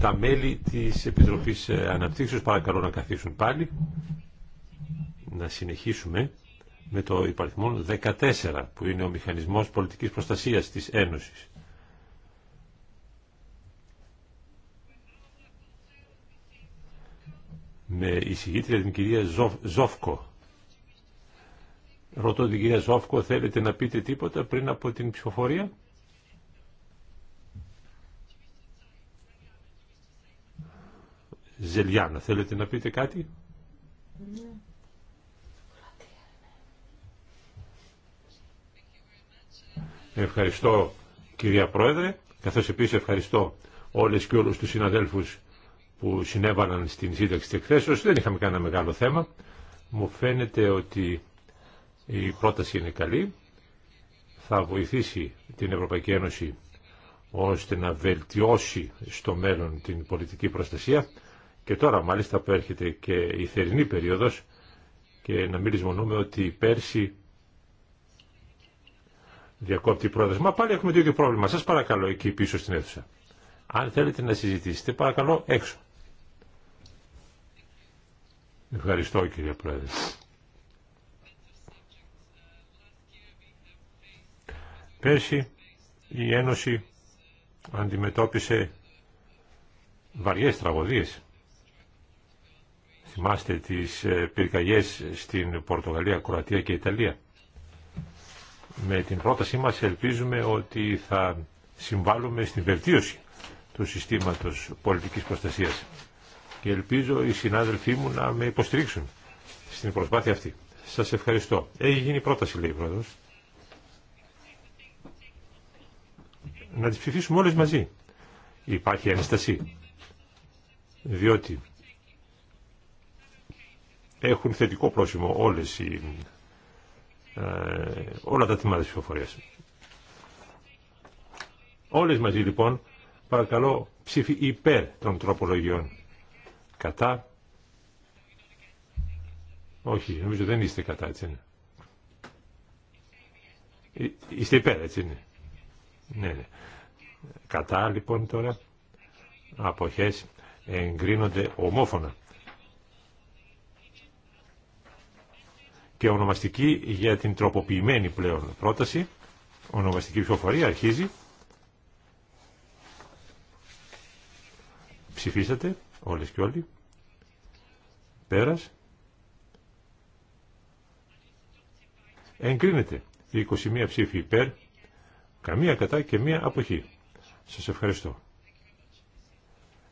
Τα μέλη της Επιτροπής ε, Αναπτύξεως παρακαλώ να καθίσουν πάλι. Να συνεχίσουμε με το υπαριθμό 14 που είναι ο Μηχανισμός Πολιτικής Προστασίας της Ένωσης. με εισηγήτρια την κυρία Ζόφκο. Ρωτώ την κυρία Ζόφκο, θέλετε να πείτε τίποτα πριν από την ψηφοφορία. Ζελιάνα, θέλετε να πείτε κάτι. Ευχαριστώ κυρία Πρόεδρε, καθώς επίσης ευχαριστώ όλες και όλους τους συναδέλφους που συνέβαλαν στην σύνταξη της εκθέσεως δεν είχαμε κανένα μεγάλο θέμα. Μου φαίνεται ότι η πρόταση είναι καλή. Θα βοηθήσει την Ευρωπαϊκή Ένωση ώστε να βελτιώσει στο μέλλον την πολιτική προστασία και τώρα μάλιστα που έρχεται και η θερινή περίοδος και να μην λησμονούμε ότι πέρσι διακόπτει η Μα πάλι έχουμε το ίδιο πρόβλημα. Σας παρακαλώ εκεί πίσω στην αίθουσα. Αν θέλετε να συζητήσετε, παρακαλώ έξω. Ευχαριστώ κύριε Πρόεδρε. Πέρσι η Ένωση αντιμετώπισε βαριές τραγωδίες. Θυμάστε τις ε, πυρκαγιές στην Πορτογαλία, Κροατία και Ιταλία. Με την πρότασή μας ελπίζουμε ότι θα συμβάλλουμε στην βελτίωση του συστήματος πολιτικής προστασίας και ελπίζω οι συνάδελφοί μου να με υποστηρίξουν στην προσπάθεια αυτή. Σας ευχαριστώ. Έχει γίνει πρόταση, λέει η Πρόεδρος. Να τις ψηφίσουμε όλες μαζί. Υπάρχει ένσταση. Διότι έχουν θετικό πρόσημο όλες οι, ε, όλα τα τμήματα της ψηφοφορίας. Όλες μαζί λοιπόν, παρακαλώ ψήφι υπέρ των τροπολογιών. Κατά. Όχι, νομίζω δεν είστε κατά, έτσι είναι. Ε, είστε υπέρ, έτσι είναι. Ναι, ναι. Κατά, λοιπόν, τώρα. Αποχές εγκρίνονται ομόφωνα. Και ονομαστική για την τροποποιημένη πλέον πρόταση. Ονομαστική ψηφοφορία αρχίζει. Ψηφίσατε όλες και όλοι. Πέρας. Εγκρίνεται. 21 ψήφοι υπέρ, καμία κατά και μία αποχή. Σας ευχαριστώ.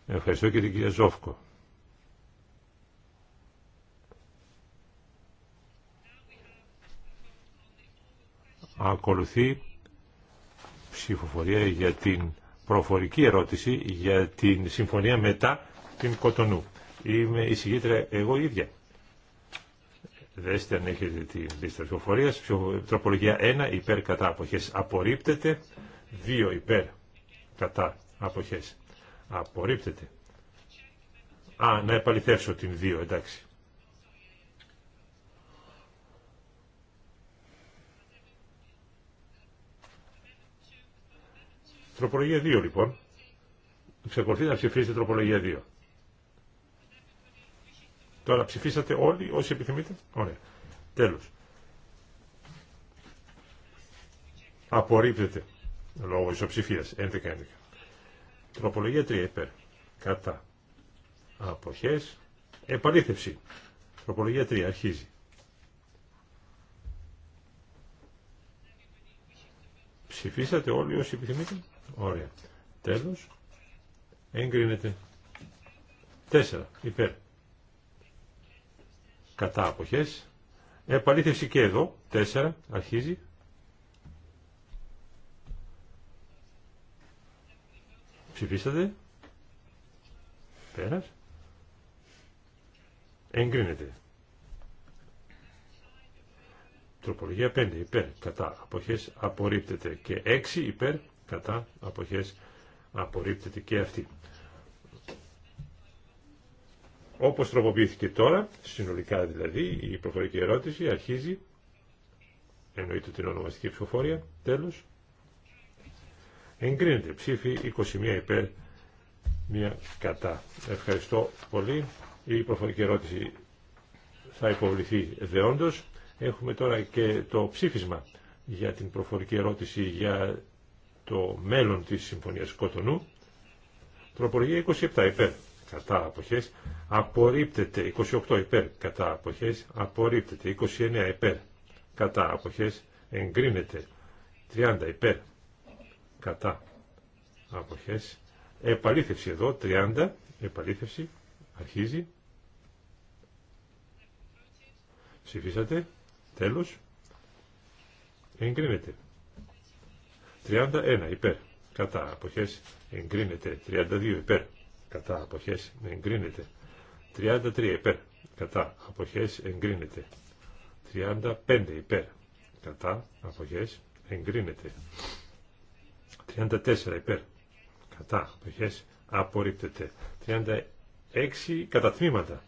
Ευχαριστώ και την κυρία Ζόφκο. Ακολουθεί ψηφοφορία για την προφορική ερώτηση για την συμφωνία μετά την Κοτονού. Είμαι η συγκίτρια εγώ ίδια. Δέστε αν έχετε τη λίστα ψηφοφορία. Τροπολογία 1 υπέρ κατά αποχές απορρίπτεται. 2 υπέρ κατά αποχές απορρίπτεται. Α, να επαληθεύσω την 2, εντάξει. Τροπολογία 2 λοιπόν. Ξεκολουθεί να ψηφίσετε τροπολογία 2. Τώρα ψηφίσατε όλοι όσοι επιθυμείτε. Ωραία. Τέλος. Απορρίπτεται λόγω ισοψηφίας. 11-11. Τροπολογία 3 υπέρ. Κατά. Αποχές. Επαλήθευση. Τροπολογία 3 αρχίζει. Ψηφίσατε όλοι όσοι επιθυμείτε. Ωραία. Τέλος. Εγκρίνεται. 4. Υπέρ. Κατά αποχές. Επαλήθευση και εδώ. 4. Αρχίζει. Ψηφίσατε. Πέρας. Εγκρίνεται. Τροπολογία 5 υπέρ κατά αποχές απορρίπτεται και 6 υπέρ κατά αποχές απορρίπτεται και αυτή. Όπως τροποποιήθηκε τώρα, συνολικά δηλαδή, η προφορική ερώτηση αρχίζει, εννοείται την ονομαστική ψηφοφόρια, τέλος, εγκρίνεται ψήφι 21 υπέρ, μία κατά. Ευχαριστώ πολύ. Η προφορική ερώτηση θα υποβληθεί δεόντως. Έχουμε τώρα και το ψήφισμα για την προφορική ερώτηση για το μέλλον της Συμφωνίας Κοτονού. Τροπολογία 27 υπέρ κατά αποχές απορρίπτεται 28 υπέρ κατά αποχές απορρίπτεται 29 υπέρ κατά αποχές εγκρίνεται 30 υπέρ κατά αποχές επαλήθευση εδώ 30 επαλήθευση αρχίζει ψηφίσατε τέλος εγκρίνεται 31 υπέρ κατά αποχές εγκρίνεται 32 υπέρ κατά αποχές εγκρίνεται 33 υπέρ κατά αποχές εγκρίνεται 35 υπέρ κατά αποχές εγκρίνεται 34 υπέρ κατά αποχές απορρίπτεται 36 κατά τμήματα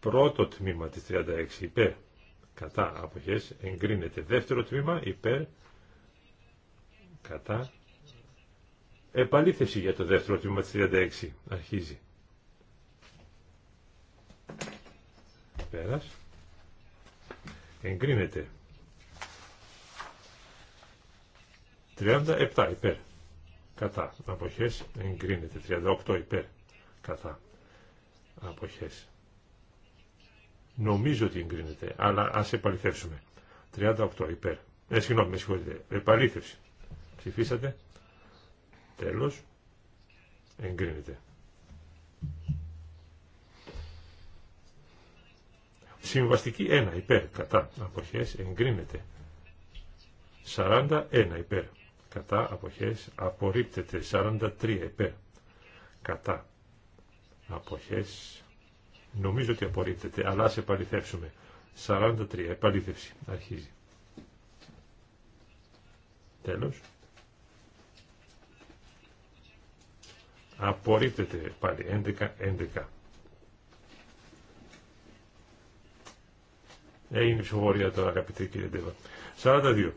πρώτο τμήμα της 36 υπέρ κατά αποχές εγκρίνεται δεύτερο τμήμα υπέρ κατά. Επαλήθευση για το δεύτερο τμήμα της 36. Αρχίζει. Πέρας. Εγκρίνεται. 37 υπέρ. Κατά. Αποχές. Εγκρίνεται. 38 υπέρ. Κατά. Αποχές. Νομίζω ότι εγκρίνεται, αλλά ας επαληθεύσουμε. 38 υπέρ. Ε, συγγνώμη, με συγχωρείτε. Επαλήθευση. Ψηφίσατε. Τέλος. Εγκρίνεται. Συμβαστική 1 υπέρ κατά αποχές εγκρίνεται. 41 υπέρ κατά αποχές απορρίπτεται. 43 υπέρ κατά αποχές νομίζω ότι απορρίπτεται αλλά ας επαληθεύσουμε. 43 επαλήθευση αρχίζει. Τέλος. Απορρίπτεται πάλι 11-11. Έγινε η ψηφοφορία τώρα αγαπητέ κύριε Ντέβα. 42.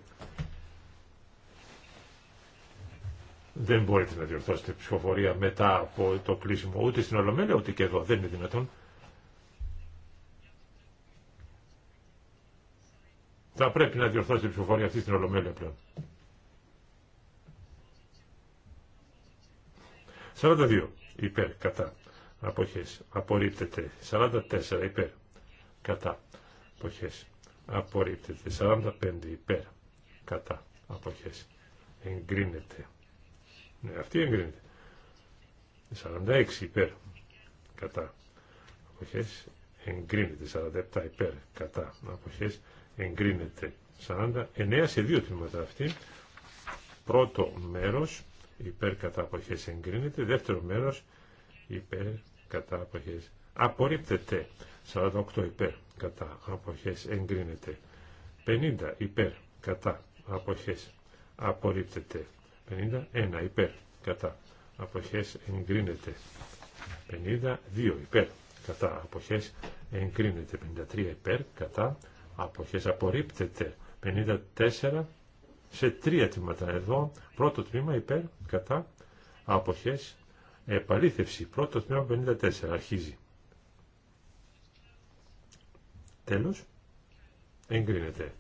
Δεν μπορείτε να διορθώσετε ψηφοφορία μετά από το κλείσιμο ούτε στην Ολομέλεια ούτε και εδώ. Δεν είναι δυνατόν. Θα πρέπει να διορθώσετε ψηφοφορία αυτή στην Ολομέλεια πλέον. 42 υπέρ κατά αποχές απορρίπτεται 44 υπέρ κατά αποχές απορρίπτεται 45 υπέρ κατά αποχές εγκρίνεται ναι αυτή εγκρίνεται 46 υπέρ κατά αποχές εγκρίνεται 47 υπέρ κατά αποχές εγκρίνεται 49 σε δύο τμήματα αυτή πρώτο μέρος υπέρ κατά αποχές εγκρίνεται. Δεύτερο μέρος υπέρ κατά αποχές απορρίπτεται. 48 υπέρ κατά αποχές εγκρίνεται. 50 υπέρ κατά αποχές απορρίπτεται. 51 υπέρ κατά αποχές εγκρίνεται. 52 υπέρ κατά αποχές εγκρίνεται. 53 υπέρ κατά αποχές απορρίπτεται. 54 σε τρία τμήματα εδώ. Πρώτο τμήμα υπέρ, κατά, αποχές, επαλήθευση. Πρώτο τμήμα 54, αρχίζει. Τέλος, εγκρίνεται.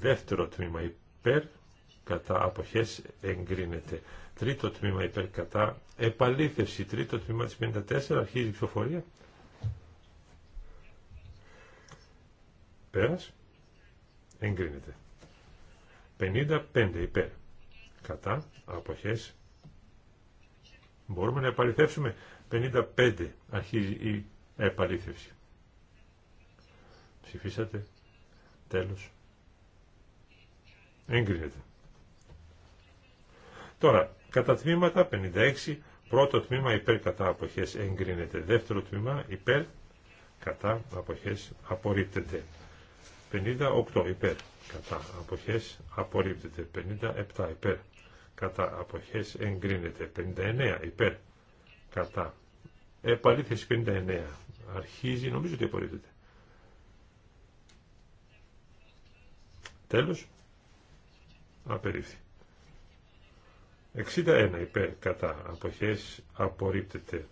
Δεύτερο τμήμα υπέρ, κατά, αποχές, εγκρίνεται. Τρίτο τμήμα υπέρ, κατά, επαλήθευση. Τρίτο τμήμα της 54, αρχίζει η ψηφοφορία. Πέρας, εγκρίνεται. 55 υπέρ. Κατά. Αποχές. Μπορούμε να επαληθεύσουμε. 55 αρχίζει η επαλήθευση. Ψηφίσατε. Τέλος. Εγκρίνεται. Τώρα, κατά τμήματα 56, πρώτο τμήμα υπέρ κατά αποχές εγκρίνεται. Δεύτερο τμήμα υπέρ κατά αποχές απορρίπτεται. 58 υπέρ κατά αποχές απορρίπτεται 57 υπέρ κατά αποχές εγκρίνεται 59 υπέρ κατά επαλήθεση 59 αρχίζει νομίζω ότι απορρίπτεται τέλος απερίφθη 61 υπέρ κατά αποχές απορρίπτεται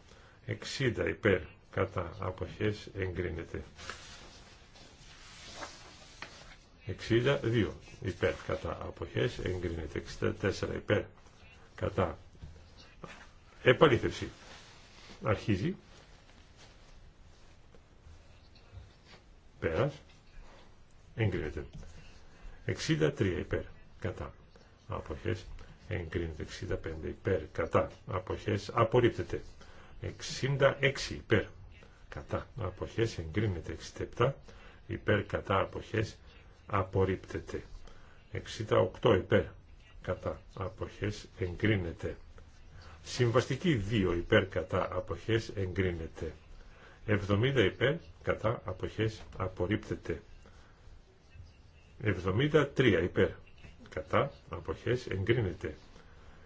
60 υπέρ κατά αποχές εγκρίνεται 62 υπέρ κατά αποχές εγκρίνεται 64 υπέρ κατά επαλήθευση αρχίζει πέρας εγκρίνεται 63 υπέρ κατά αποχές εγκρίνεται 65 υπέρ κατά αποχές απορρίπτεται 66 υπέρ κατά αποχές εγκρίνεται 67 υπέρ κατά αποχές απορρίπτεται. 68 υπέρ κατά αποχές εγκρίνεται. Συμβαστική 2 υπέρ κατά αποχές εγκρίνεται. 70 υπέρ κατά αποχές απορρίπτεται. 73 υπέρ κατά αποχές εγκρίνεται.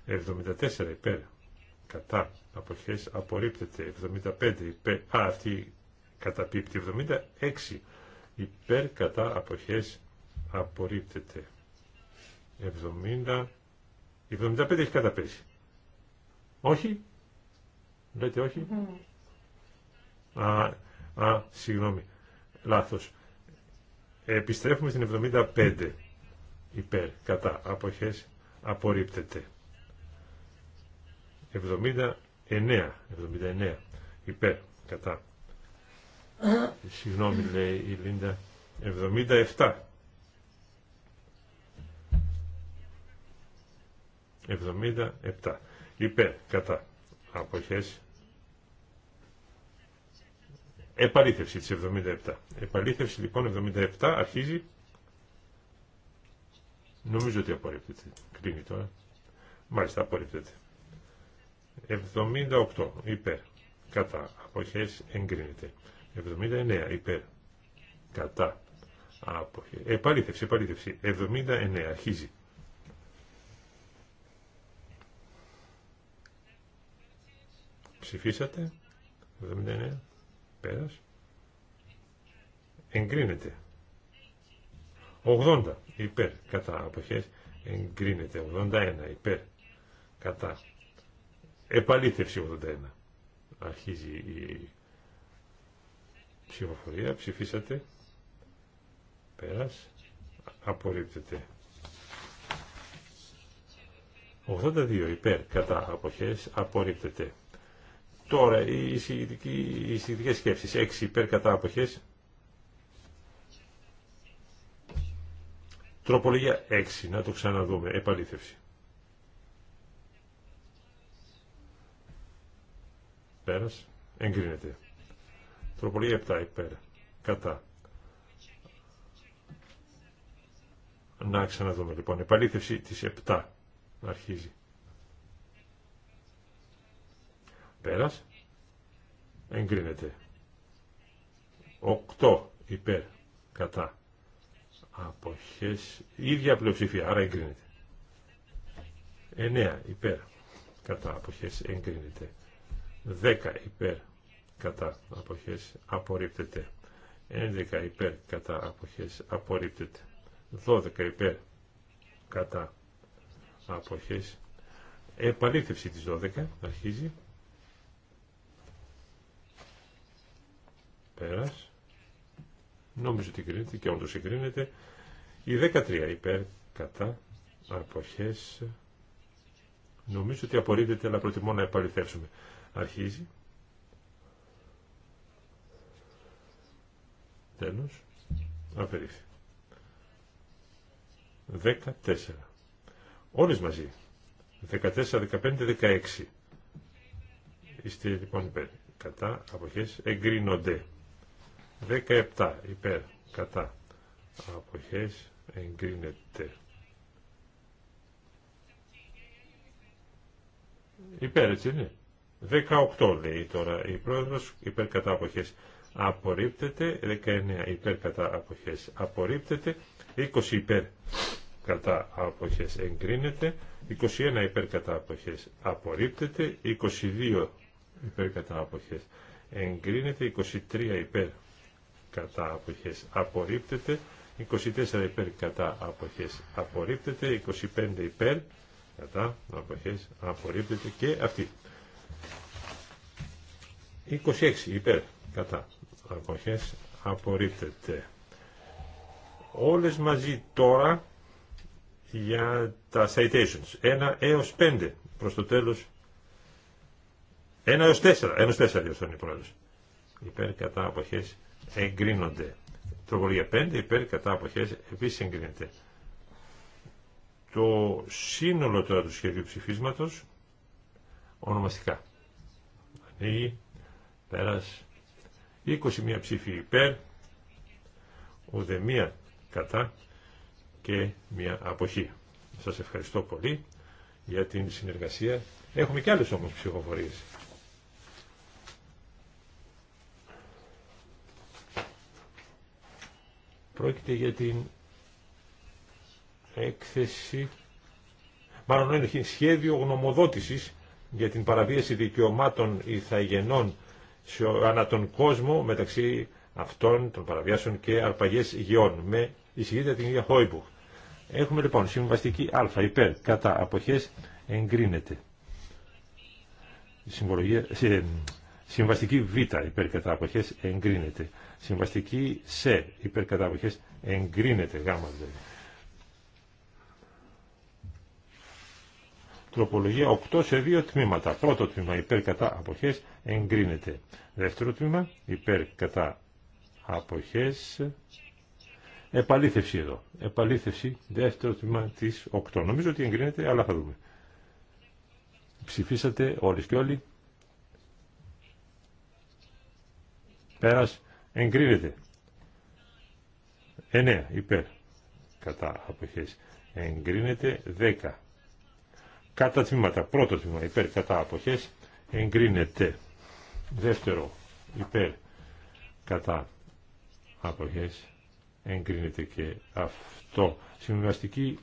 74 υπέρ κατά αποχές απορρίπτεται. 75 υπέρ, α αυτή καταπίπτει. 76 υπέρ κατά αποχές απορρίπτεται. 70, 75 έχει καταπέσει. Όχι, λέτε όχι. Mm. Α, α, συγγνώμη, λάθος. Επιστρέφουμε στην 75 υπέρ, κατά, αποχές, απορρίπτεται. 79, 79 υπέρ, κατά. Συγγνώμη λέει η Λίντα, 77 77. Υπέρ, κατά, αποχές. Επαλήθευση της 77. Επαλήθευση λοιπόν 77 αρχίζει. Νομίζω ότι απορρίπτεται. Κλείνει τώρα. Μάλιστα, απορρίπτεται. 78. Υπέρ. Κατά. Αποχές εγκρίνεται. 79. Υπέρ. Κατά. Αποχές. Επαλήθευση, επαλήθευση. 79. Αρχίζει. Ψηφίσατε. 79. Πέρας. Εγκρίνεται. 80. Υπέρ. Κατά. Αποχές. Εγκρίνεται. 81. Υπέρ. Κατά. Επαλήθευση 81. Αρχίζει η ψηφοφορία. Ψηφίσατε. Πέρας. Απορρίπτεται. 82 υπέρ κατά αποχές απορρίπτεται. Τώρα, οι εισηγητικέ σκέψει 6 υπέρ Τροπολογία 6. Να το ξαναδούμε. Επαλήθευση. Πέρας. Εγκρίνεται. Τροπολογία 7 υπέρ. Κατά. Να ξαναδούμε λοιπόν. Επαλήθευση της 7 αρχίζει. Πέρας. Εγκρίνεται. 8 υπέρ κατά αποχές. Ίδια πλειοψηφία, άρα εγκρίνεται. 9 υπέρ κατά αποχές εγκρίνεται. 10 υπέρ κατά αποχές απορρίπτεται. 11 υπέρ κατά αποχές απορρίπτεται. 12 υπέρ κατά αποχές επαλήθευση της 12 αρχίζει Πέρας. νομίζω ότι εγκρίνεται και όντως εγκρίνεται. Η 13 υπέρ κατά αποχές. Νομίζω ότι απορρίπτεται, αλλά προτιμώ να επαληθεύσουμε. Αρχίζει. Τέλος. Απερίφθη. 14. Όλες μαζί. 14, 15, 16. Είστε λοιπόν υπέρ. Κατά αποχές εγκρίνονται. 17 υπέρ κατά αποχές εγκρίνεται υπέρ έτσι είναι 18 λέει τώρα η πρόεδρος υπέρ κατά αποχές απορρίπτεται 19 υπέρ κατά αποχές απορρίπτεται 20 υπέρ κατά αποχές εγκρίνεται 21 υπέρ κατά αποχές απορρίπτεται 22 υπέρ κατά αποχές εγκρίνεται 23 υπέρ κατά αποχές απορρίπτεται, 24 υπέρ κατά αποχές απορρίπτεται, 25 υπέρ κατά αποχές απορρίπτεται και αυτή. 26 υπέρ κατά αποχές απορρίπτεται. Όλες μαζί τώρα για τα citations. 1 έως 5 προς το τέλος. 1 έως 4. 1 έως 4 διορθώνει ο πρόεδρος. Υπέρ κατά αποχές εγκρίνονται. Τροπολογία 5 υπέρ κατά αποχές επίσης εγκρίνεται. Το σύνολο τώρα του σχέδιου ψηφίσματος ονομαστικά. Ανοίγει, πέρας, 21 ψήφοι υπέρ, ούτε μία κατά και μία αποχή. Σας ευχαριστώ πολύ για την συνεργασία. Έχουμε και άλλες όμως ψηφοφορίες. Πρόκειται για την έκθεση, μάλλον είναι σχέδιο γνωμοδότησης για την παραβίαση δικαιωμάτων ηθαγενών σε, ανά τον κόσμο μεταξύ αυτών των παραβιάσεων και αρπαγές γεών με εισηγήτητα την ίδια Χόιμπουχ. Έχουμε λοιπόν συμβαστική α υπέρ κατά αποχές εγκρίνεται. Συμβολογία, ε, Συμβαστική Β υπερκατάποχε εγκρίνεται. Συμβαστική Σ υπερκατάποχε εγκρίνεται. Γ δηλαδή. Τροπολογία 8 σε 2 τμήματα. Πρώτο τμήμα υπέρ κατά εγκρίνεται. Δεύτερο τμήμα υπέρ κατά επαλήθευση εδώ. Επαλήθευση δεύτερο τμήμα τη 8. Νομίζω ότι εγκρίνεται αλλά θα δούμε. Ψηφίσατε όλες και όλοι. Πέρας εγκρίνεται. 9 υπέρ. Κατά αποχές εγκρίνεται 10. Κατά τμήματα. Πρώτο τμήμα υπέρ κατά αποχές εγκρίνεται. Δεύτερο υπέρ κατά αποχές εγκρίνεται και αυτό. Συμβαστική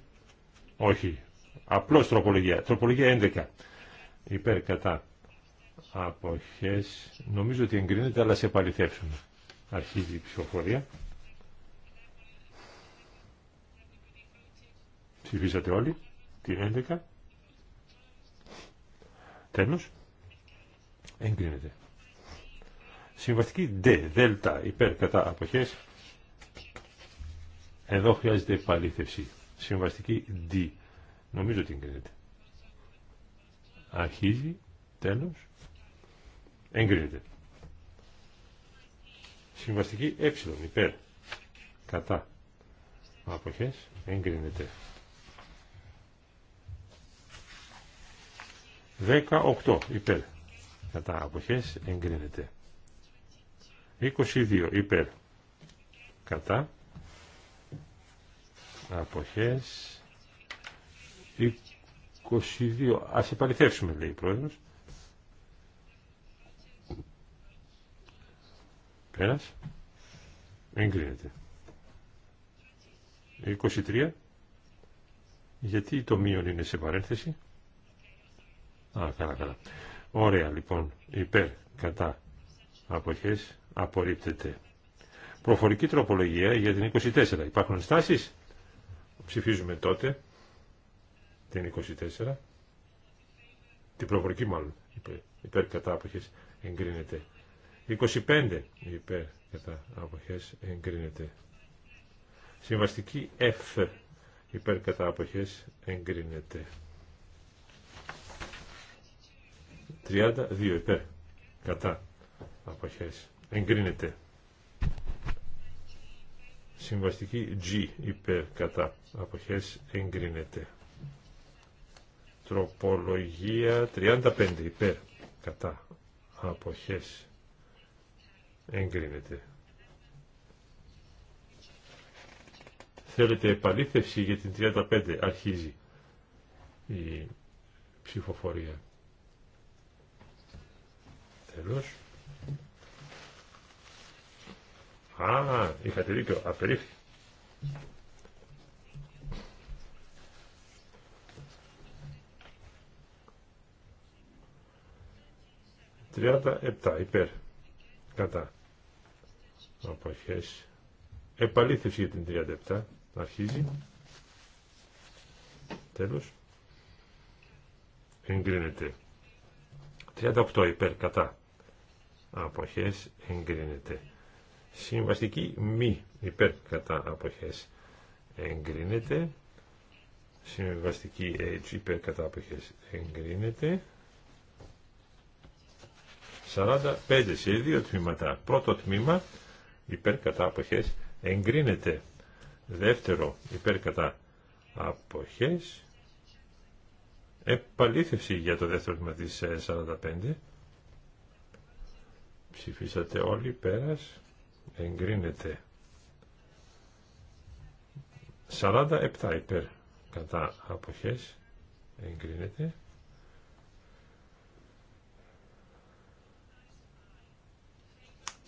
όχι. Απλώς τροπολογία. Τροπολογία 11. Υπέρ κατά αποχές νομίζω ότι εγκρίνεται αλλά σε επαληθεύσουμε αρχίζει η ψηφοφορία ψηφίσατε όλοι την 11 τέλος εγκρίνεται συμβαστική D, δέλτα υπέρ κατά αποχές εδώ χρειάζεται επαλήθευση συμβαστική D νομίζω ότι εγκρίνεται αρχίζει τέλος Εγκρίνεται. Συμβαστική ε υπέρ. Κατά. Αποχές. Εγκρίνεται. 18 υπέρ. Κατά αποχές εγκρίνεται. 22 υπέρ. Κατά αποχές 22. Ας επαληθεύσουμε λέει η πρόεδρος. Πέρας. Εγκρίνεται. 23. Γιατί το μείον είναι σε παρένθεση. Α, καλά, καλά. Ωραία, λοιπόν. Υπέρ, κατά, αποχές, απορρίπτεται. Προφορική τροπολογία για την 24. Υπάρχουν στάσεις. Ψηφίζουμε τότε την 24. Την προφορική μάλλον. Υπέρ, υπέρ κατά, αποχές, εγκρίνεται. 25 υπέρ κατά αποχές εγκρίνεται. Συμβαστική F υπέρ κατά αποχές εγκρίνεται. 32 υπέρ κατά αποχές εγκρίνεται. Συμβαστική G υπέρ κατά αποχές εγκρίνεται. Τροπολογία 35 υπέρ κατά αποχές Εγκρίνεται. Θέλετε επαλήθευση για την 35. Αρχίζει η ψηφοφορία. Τέλος. Α, είχατε δίκιο. Απερίφθη. 37 επτά υπέρ κατά αποχές επαλήθευση για την 37 αρχίζει τέλος εγκρίνεται 38 υπέρ κατά αποχές εγκρίνεται συμβαστική μη υπέρ κατά αποχές εγκρίνεται συμβαστική έτσι υπέρ κατά αποχές εγκρίνεται 45 σε δύο τμήματα. Πρώτο τμήμα υπέρ κατά αποχές εγκρίνεται. Δεύτερο υπέρ κατά αποχές επαλήθευση για το δεύτερο τμήμα της 45. Ε, Ψηφίσατε όλοι πέρας. Εγκρίνεται. 47 υπέρ κατά αποχές εγκρίνεται.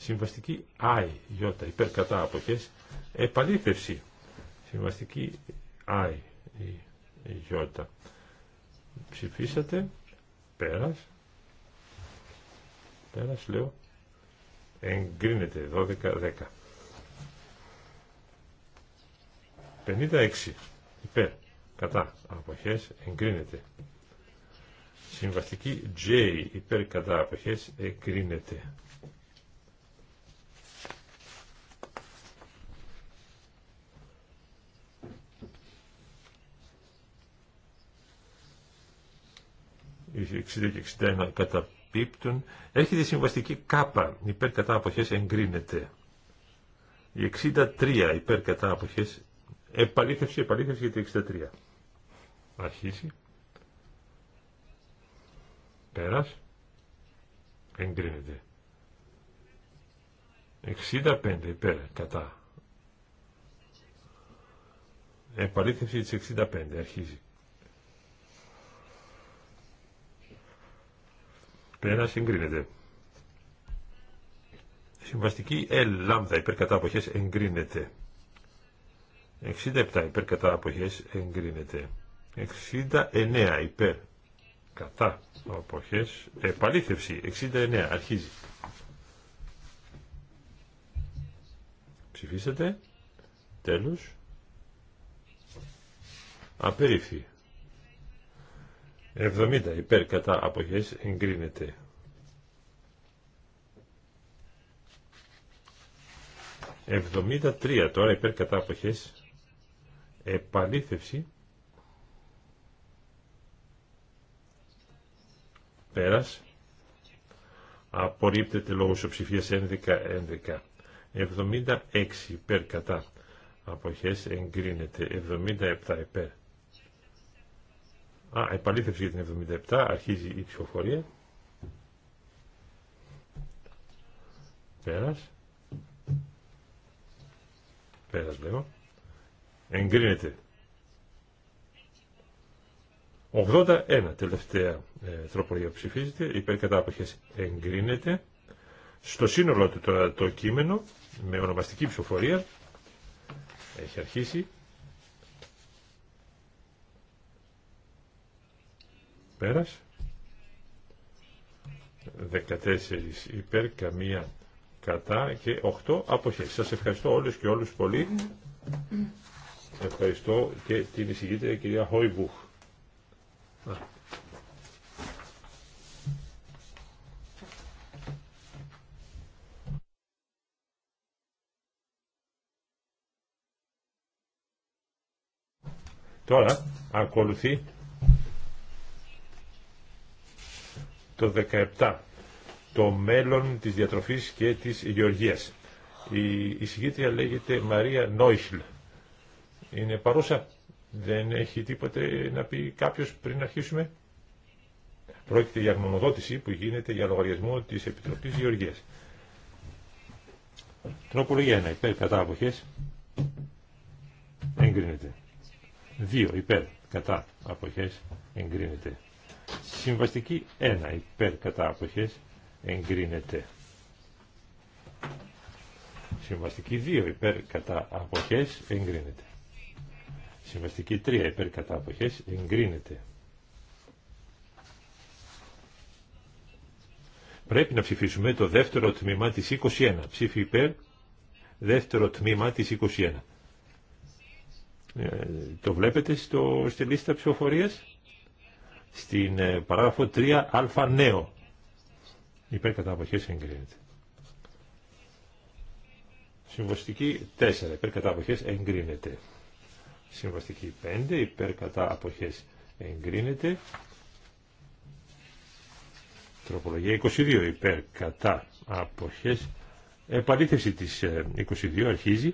Συμβαστική I, Ι, υπέρ κατά αποχές, επαλήθευση. Συμβαστική I, Ι. Ψηφίσατε, πέρας, πέρας λέω, εγκρίνεται 12-10. 56 υπέρ κατά αποχές εγκρίνεται. Συμβαστική J υπέρ κατά αποχές εγκρίνεται. 60 και 61 καταπίπτουν. Έρχεται η συμβαστική κάπα, υπέρ κατά αποχές εγκρίνεται. Η 63 υπέρ κατά αποχές, επαλήθευση, επαλήθευση για την 63. αρχίσει. Πέρας. Εγκρίνεται. 65 υπέρ κατά. Επαλήθευση της 65 αρχίζει. πέρα εγκρίνεται. Συμβαστική L λάμδα υπέρ κατά εγκρίνεται. 67 υπέρ κατά εγκρίνεται. 69 υπέρ κατά αποχές επαλήθευση 69 αρχίζει ψηφίσατε τέλος απερίφθη 70 υπέρ κατά αποχές εγκρίνεται. 73 τώρα υπέρ κατά αποχές επαλήθευση πέρας απορρίπτεται λόγω ισοψηφίας 11-11 76 υπέρ κατά αποχές εγκρίνεται 77 υπέρ Α, επαλήθευση για την 77, αρχίζει η ψηφοφορία. Πέρας. Πέρας λέω. Εγκρίνεται. 81 τελευταία ε, τροπολογία ψηφίζεται, υπέρ κατά εγκρίνεται. Στο σύνολο του τώρα το κείμενο, με ονομαστική ψηφοφορία, έχει αρχίσει. πέρας 14 υπέρ καμία κατά και 8 αποχές σας ευχαριστώ όλους και όλους πολύ ευχαριστώ και την εισηγήτρια κυρία Χόιμπουχ Τώρα ακολουθεί το 17 το μέλλον της διατροφής και της γεωργίας. Η εισηγήτρια λέγεται Μαρία Νόιχλ. Είναι παρούσα. Δεν έχει τίποτε να πει κάποιος πριν αρχίσουμε. Πρόκειται για γνωμοδότηση που γίνεται για λογαριασμό της Επιτροπής Γεωργίας. Τροπολογία 1. Υπέρ κατά αποχές. Εγκρίνεται. 2. Υπέρ κατά αποχές. Εγκρίνεται. Συμβαστική 1 υπέρ κατά αποχές εγκρίνεται. Συμβαστική 2 υπέρ κατά αποχές εγκρίνεται. Συμβαστική 3 υπέρ κατά εγκρίνεται. Πρέπει να ψηφίσουμε το δεύτερο τμήμα της 21. Ψήφι υπέρ, δεύτερο τμήμα της 21. Ε, το βλέπετε στο, στη λίστα ψηφοφορίας στην ε, παράγραφο 3α νέο. Υπέρ κατά αποχές εγκρίνεται. Συμβαστική 4. Υπέρ κατά αποχές εγκρίνεται. Συμβαστική 5. Υπέρ κατά αποχές εγκρίνεται. Τροπολογία 22. Υπέρ κατά αποχές. Επαλήθευση της 22 ε, αρχίζει.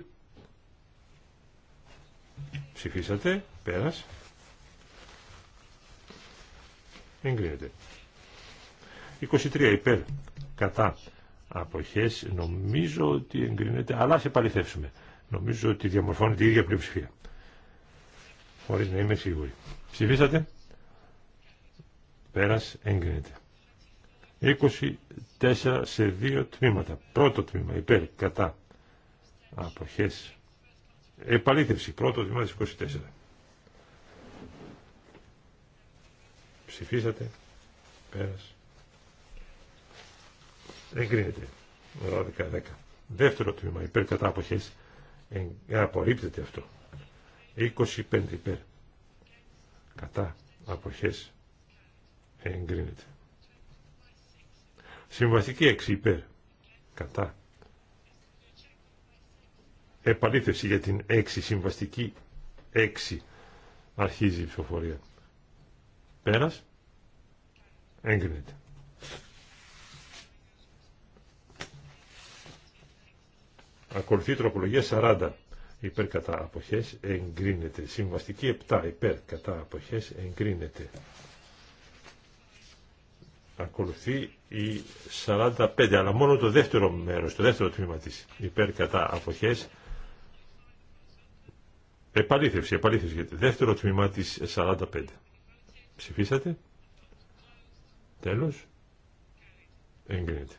Ψηφίσατε. Πέρας εγκρίνεται. 23 υπέρ κατά αποχές νομίζω ότι εγκρίνεται, αλλά σε επαληθεύσουμε. Νομίζω ότι διαμορφώνει την ίδια πλειοψηφία. Χωρίς να είμαι σίγουρη. Ψηφίσατε. Πέρας εγκρίνεται. 24 σε δύο τμήματα. Πρώτο τμήμα υπέρ κατά αποχές. Επαλήθευση. Πρώτο τμήμα της 24. Ψηφίσατε. Πέρας. Εγκρίνεται. 12-10. Δεύτερο τμήμα. Υπέρ κατά αποχές. απορρίπτεται αυτό. 25 υπέρ. Κατά αποχές. Εγκρίνεται. Συμβαστική 6 υπέρ. Κατά. Επαλήθευση για την 6. Συμβαστική 6. Αρχίζει η ψηφοφορία. Πέρας. Έγκρινεται. Ακολουθεί η τροπολογία 40. Υπέρ κατά αποχές εγκρίνεται. Συμβαστική 7. Υπέρ κατά αποχές εγκρίνεται. Ακολουθεί η 45. Αλλά μόνο το δεύτερο μέρος, το δεύτερο τμήμα της. Υπέρ κατά αποχές. Επαλήθευση, επαλήθευση. Γιατί δεύτερο τμήμα της 45. Ψηφίσατε. Τέλος. Εγκρίνεται.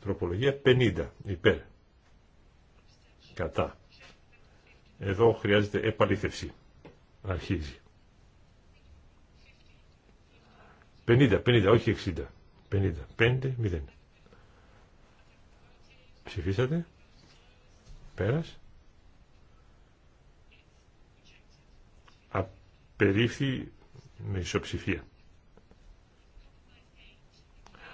Τροπολογία 50. Υπέρ. Κατά. Εδώ χρειάζεται επαλήθευση. Αρχίζει. 50, 50, όχι 60. 50, 5, 0. Ψηφίσατε. Πέρας. περίφθη με ισοψηφία.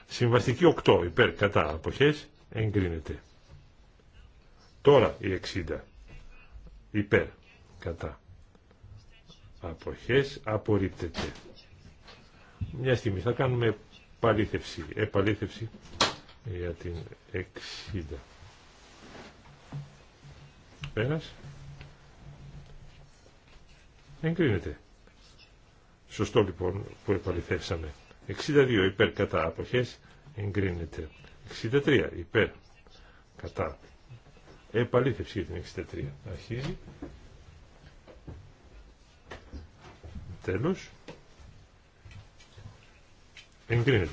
Συμβαστική 8 υπέρ κατά αποχές εγκρίνεται. Τώρα η 60 υπέρ κατά αποχές απορρίπτεται. Μια στιγμή θα κάνουμε παλήθευση, επαλήθευση για την 60. Πέρας. Εγκρίνεται. Σωστό λοιπόν που επαληθεύσαμε. 62 υπέρ κατά αποχές εγκρίνεται. 63 υπέρ κατά. Επαλήθευση για την 63. Αρχίζει. Τέλος. Εγκρίνεται.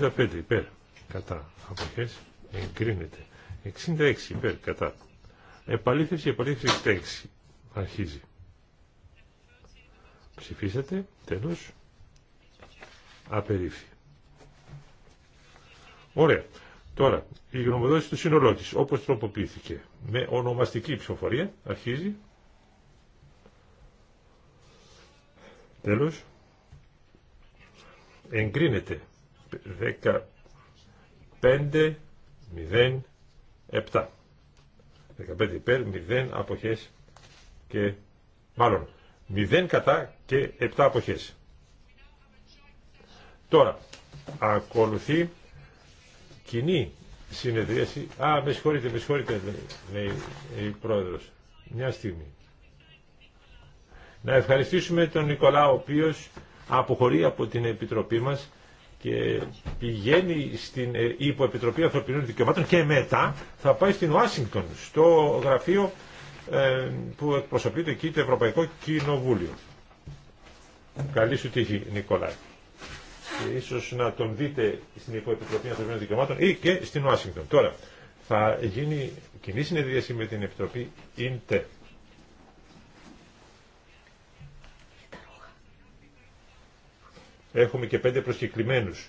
65 υπέρ κατά αποχές εγκρίνεται. 66 υπέρ κατά. Επαλήθευση, επαλήθευση 66. Αρχίζει. Ψηφίσατε. Τέλος. Απερίφθη. Ωραία. Τώρα, η γνωμοδότηση του σύνολό όπως τροποποιήθηκε, με ονομαστική ψηφοφορία, αρχίζει. Τέλος. Εγκρίνεται. 15, 0, 7. 15 υπέρ, 0 αποχές και μάλλον 0 κατά και 7 αποχές. Τώρα, ακολουθεί κοινή συνεδρίαση. Α, με συγχωρείτε, με συγχωρείτε, η πρόεδρος. Μια στιγμή. Να ευχαριστήσουμε τον Νικολά, ο οποίος αποχωρεί από την Επιτροπή μας και πηγαίνει στην ε, Υποεπιτροπή Ανθρωπινών Δικαιωμάτων και μετά θα πάει στην Ουάσιγκτον, στο γραφείο ε, που εκπροσωπείται εκεί το Ευρωπαϊκό Κοινοβούλιο. Καλή σου τύχη, Νικολάη. Και ίσως να τον δείτε στην Υποεπιτροπή Ανθρωπίνων Δικαιωμάτων ή και στην Ουάσιγκτον. Τώρα, θα γίνει κοινή συνεδρίαση με την Επιτροπή ΙΝΤΕ. Έχουμε και πέντε προσκεκλημένους